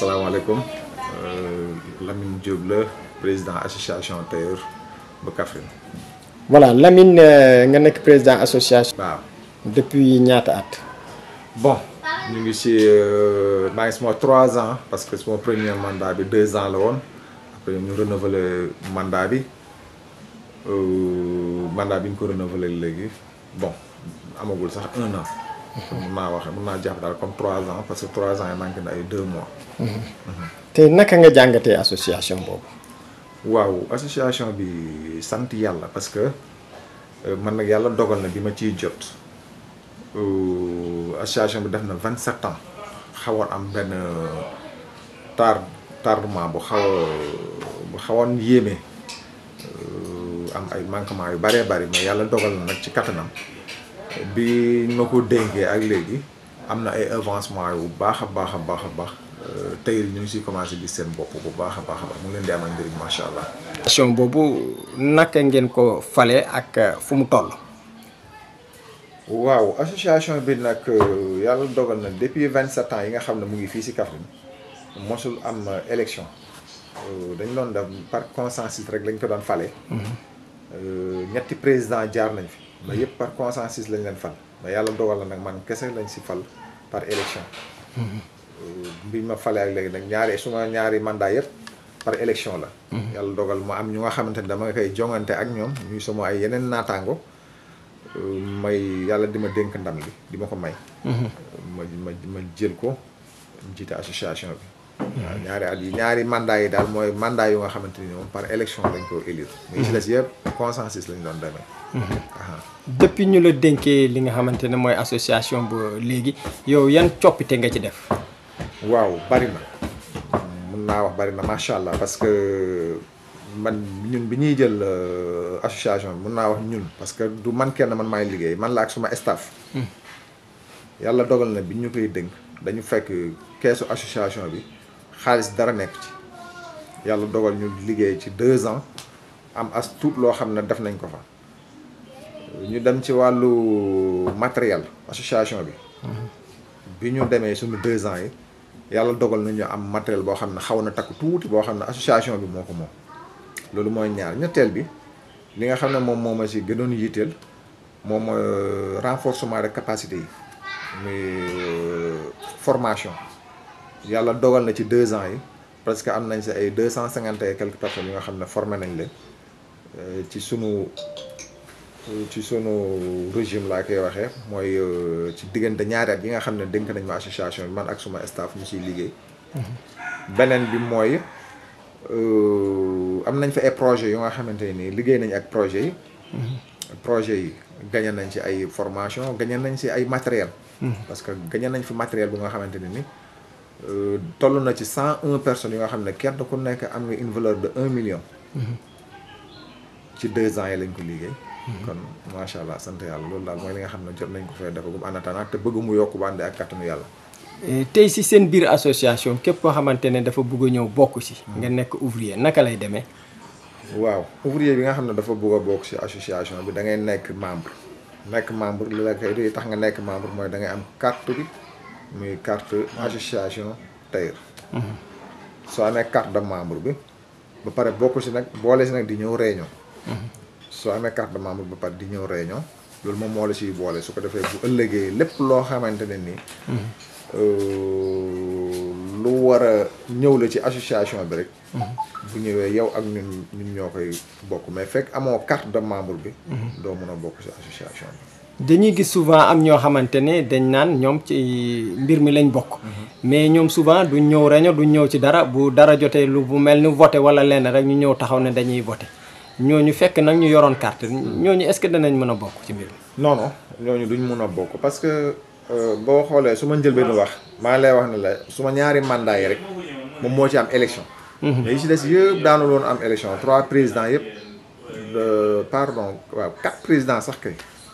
alaikum. Euh, Lamine Diop la président association tailleur de Kaffrine. voilà Lamine euh, nga nekk président association. l'association depuis ñaata at. bon ñu ngi si euh, maa ngi suma ans parce que c'est mon premier mandat bi 2 ans la woon après ñu renouvelé mandat bi mandat bi ñu ko renouveler léegi bon amagul sax un an. mun naa wax mun naa daal comme trois ans parce que trois ans yi manqué na ay deux mois. te naka nga jàngatee association boobu. waaw association bi sant yàlla parce que euh, man nag yàlla dogal na bi ma ciy jot euh, association bi def na vingt sept ans xawoon am benn euh, tar tardement bu xaw a bu xawoon yéeme am ay manquement yu bëree bëri mais yàlla dogal na nag ci kattanam. bi ma ko ak legui amna ay avancement yu baax a baax a euh a ñu ngi siy commencé gis seen bop bu baax a baax mu ngi leen di amal njëriñ macha allah. question boobu naka ngeen ko falé ak euh, fu mu toll. waaw association bi nak euh, yàlla dogal na depuis 27 ans yi nga xamne mu ngi fii si Kaffrine mosul am euh, élection dañ doon def par consensus rek lañ ko doon mhm. euh ñetti président jaar nañ fi. ba yëpp par consensus lañ leen fal ba yàlla dogal la nag man kese lañ si fal par élection mhm. bi ma falee ak léegi nag ñaari suma ñaari mandat yëpp par élection la mhm. yàlla dogal ma am ñu nga xamante ne dama koy jongante ak ñoom ñuy sama ay yeneen naataango may yàlla di ma dénk ndam li di ma ko may mhm. ma ma jël ko jiite association bi ñaari at yi ñaari mandat yi daal mooy mandat yu nga xamante ni moom par élection lañ ko élire. muy ci des yëpp consensus lañ doon demee. depuis ñu la dénkee li nga xamante ne mooy association bu léegi yow yan coppite nga ci def. waaw bari na mun naa wax bari na macha allah parce que man ñun bi ñuy jël euh, association bi mun naa wax ñun parce que du man kenn man maay liggéey man la ak suma staff. Hmm. yàlla dogal na bi ñu koy dénk dañu fekk keesu association bi. xaalis dara nekk ci yàlla dogal ñu liggéey ci deux ans am as tuut loo xam ne def nañ ko fa ñu dem ci wàllu matériel association bi mm-hmm. bi ñu demee suñu deux ans yi yàlla dogal nañu am matériel boo xam ne xaw na takk tuuti boo xam ne association bi moo ko moom loolu mooy ñaar ñetteel bi li nga xam ne moom moo ma si gënoon yitteel moom mooy euh, renforcement de capacité yi muy euh, formation yàlla dogal na ci deux ans yi presque am nañ si ay deux cent cinquante et quelques personnes yi nga xam ne formé nañ leen euh, ci suñu ci sunu régime laa koy waxee mooy euh, ci diggante ñaari at yi nga xam ne dénk nañ ma association bi man ak suma staff mu siy liggéey. Mm-hmm. beneen bi mooy euh, am nañ fa ay projets yu nga xamante nii liggéey nañ ak projet yi. Mm-hmm. projets yi gagné nañ ci ay formation gagné nañ si ay matériel mm-hmm. parce que gagné nañ fi matériel bu nga xamante ne Euh, toll na ci cent un personnes yi nga xam ne kenn ku nekk am nga une valeur de un million. Mm-hmm. ci deux ans yi lañ ko liggéey. Mm-hmm. kon macha allah sant yàlla loolu daal mooy li nga xam ne jot nañ ko fay defagum en attendant te bëgg mu yokk ba ànd ak kattanu yàlla. Eh, tey si seen biir association képp koo xamante ne dafa bugg a ñëw bokk si. Mm-hmm. nga nekk ouvrier naka lay demee. waaw ouvrier bi nga xam ne dafa bëgg bokk si association bi da ngay nekk membre nekk membre li la koy tax nga nekk membre mooy da am carte bi. muy carte association tailleur soo amee carte de membre bi ba pare bokk si nag boole si nag di ñëw réunion soo amee carte de membre ba pare di ñëw réunion loolu moom moo si boole su ko defee bu ëllëgee lépp loo xamante ne nii euh, lu war a ñëw la ci association bi rek bu ñëwee yow ak ñun ñun ñoo koy bokk mais fekk amoo carte de membre bi doo mën a bokk ci association bi dañuy gis souvent am ñoo xamante dañ naan ñoom ci mbir mi mais ñoom souvent duñ ñëw réunion duñ ñëw ci dara bu dara lu bu mel ni wala lenn rek ñu taxaw ne dañuy fekk ñu carte est-ce que danañ mën a bokk non non ñooñu duñ mën parce que euh, boo wax mandat élection. élection trois présidents euh, pardon quatre présidents sax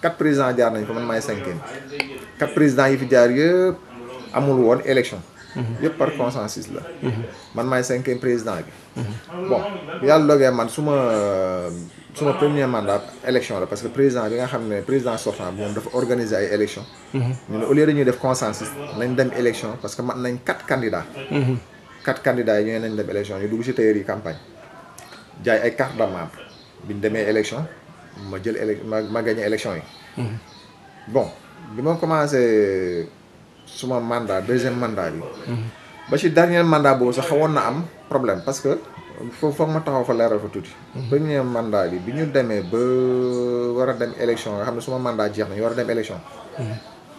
quatre présidents jaar nañ fa man maay cinquième quatre présidents yi fi jaar yëpp amul woon élection mhm. yëpp par consensus la mhm. man maay cinquième président bi bon yàlla dogee man suma suma premier mandat élection la parce que président bi nga xam ne président sortant bi moom dafa organiser ay élection mhm. ñu ne au lieu de ñuy def consensus nañ dem élection parce que man nañ quatre candidats quatre candidats election. nañ dem élection ñu dugg si théorie campagne jaay ay carte de membre biñ élection ma jël élec ma ma gagné yi. Mhm. bon bi ma commencé suma mandat deuxième mandat bi. Mhm. ba ci dernier mandat boobu sax xawoon na am problème parce que foofu foog ma taxaw fa leeral fa tuuti. Mhm. premier mandat bi bi ñu demee ba war a dem élection nga xam ne suma mandat jeex na ñu war a dem élection.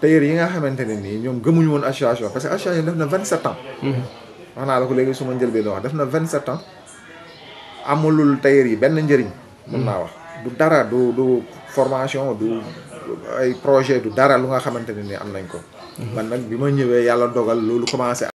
tailleur yi nga xamante ne nii ñoom gëmuñu woon association parce que association def na vingt sept ans. wax naa la ko léegi suma njëlbeen wax def na vingt sept ans amulul tailleur yi benn njëriñ. mën naa wax. du dara du du formation du ay projet du dara lu nga xamante ne ni am nañ ko. Mhm. man nag bi ma ñëwee yàlla dogal loolu commencé.